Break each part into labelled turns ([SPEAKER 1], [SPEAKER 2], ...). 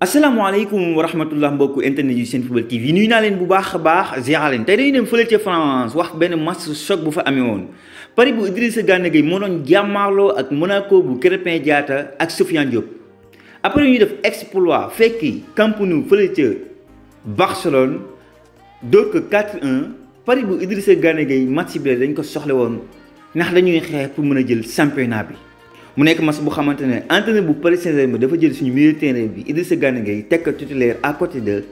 [SPEAKER 1] asalaamaaleykum wa rahmatullah mbokku internet yu seen football TV nuyu naa leen bu baax a baax ziar leen tey dañuy dem fële ca France wax benn match choc bu fa amee woon Paris bu Idrissa Gana Gueye moo doon jàmmaarloo ak Monaco bu Krépin jaata ak Sofiane Diop. après ñu def exploit fekki Camp Nou fële ca Barcelone dóor ko 4-1 Paris bu Idrissa Gana Gueye match bi dañ ko soxle woon ndax dañuy xeex pour mën a jël sampena bi. mu nekk match bu xamante ne entraîneur bu Paris Saint-Germain dafa jël suñu milieu terrain bi Idrissa Gana Gueye teg ko titulaire à côté de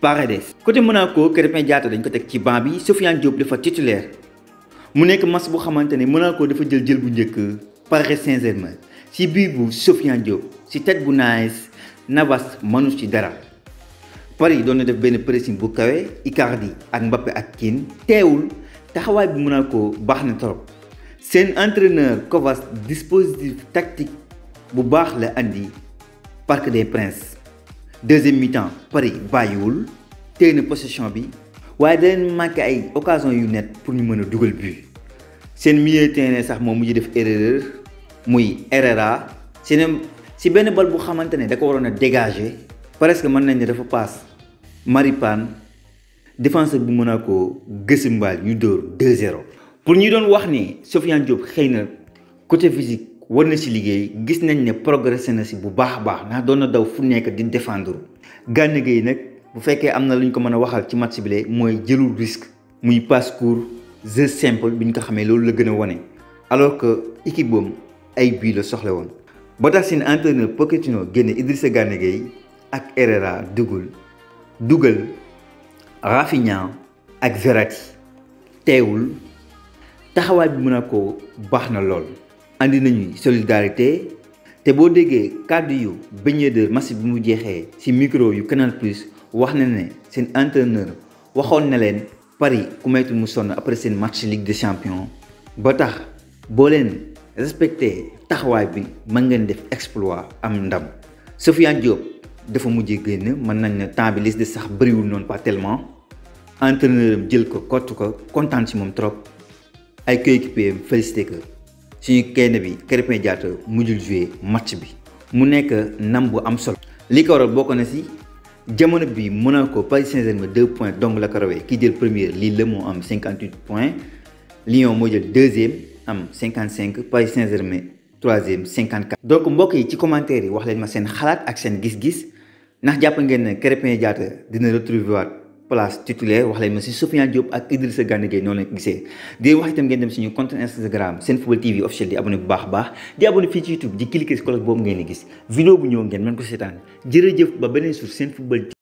[SPEAKER 1] Paredes. côté Monaco Krépin Diatta dañ ko teg ci banc bi Sofiane Diop dafa titulaire mu nekk match bu xamante ne Monaco dafa jël jël bu njëkk Paris Saint-Germain si bii bu Sofiane Diop si tête bu Nice Navas mënu ci dara. Paris doon na def benn pressing bu kawe Icardi ak Mbappé ak Kean teewul taxawaay bi Monaco baax na trop. un entraîneur Kovac dispositif tactique bu baax la andi Parc des Princes deuxième mi-temps Paris Bayoul, tient possession bi waaye da leen manqué ay occasion yu net pour ñu mën a dugal but seen milieu terrain sax moom mu ngi def erreur muy Herrera seen si benn bal bu xamante ne da ko waroon a dégager presque mën nañ ne dafa paas Maripane défenseur bu Monaco Gessimbal ñu 2-0 pour ñu doon wax ni Sofiane Diop xëy na côté physique war na si liggéey gis nañ ne progressé na si bu baax baax ndax doon na daw fu nekk di défendre Gana Gueye nag bu fekkee am na lu ñu ko mën a waxal ci match bi mooy jëlul risque muy passe court jeu simple bi ñu ko xamee loolu la gën a wane alors que équipe boobu ay bii la soxla woon ba tax seen entraîneur Pochettino génne Idrissa Gana Gueye ak Herrera dugal dugal Rafinha ak Verratti teewul taxawaay bi Monaco baax na lool andi nañu solidarité te boo déggee kàddu yu de bi mu jeexee ci micro yu Canal Plus wax na ne seen entraîneur waxoon na leen Paris ku maytu mu sonn après seen match Ligue des Champions ba tax boo leen respecté taxawaay bi mën ngeen def exploit am ndam Sofiane Diop dafa mujjee génn mën nañ ne temps bi liste de sax bëriwul noonu pas tellement entraîneur am jël ko kott ko kontaan ci moom trop ay coéquipier félicité que suñu gaynde bi Krépin Diatta mujjul joué match bi mu nekk ndam bu am solo. li ko waral bokk na si jamono bi Monaco Paris Saint-Germain deux points donc la ko qui ki jël premier Lille moo am 58 points Lyon moo jël deuxième am 55 Paris Saint-Germain troisième 54. donc mbokk yi ci commentaire yi wax leen ma seen xalaat ak seen gis-gis ndax jàpp ngeen ne Krépin Diatta dina retrouver waat place titulaire wax leen ma si Sofiane Diop ak Idrissa Gana Gueye noonu leen gisee di wax itam ngeen dem suñu compte Instagram seen football TV officiel di abonné baax baax di abonné fii YouTube di cliquer si cloche boobu ngeen di gis vidéo bu ñëw ngeen mën ko seetaan jërëjëf ba beneen sur seen football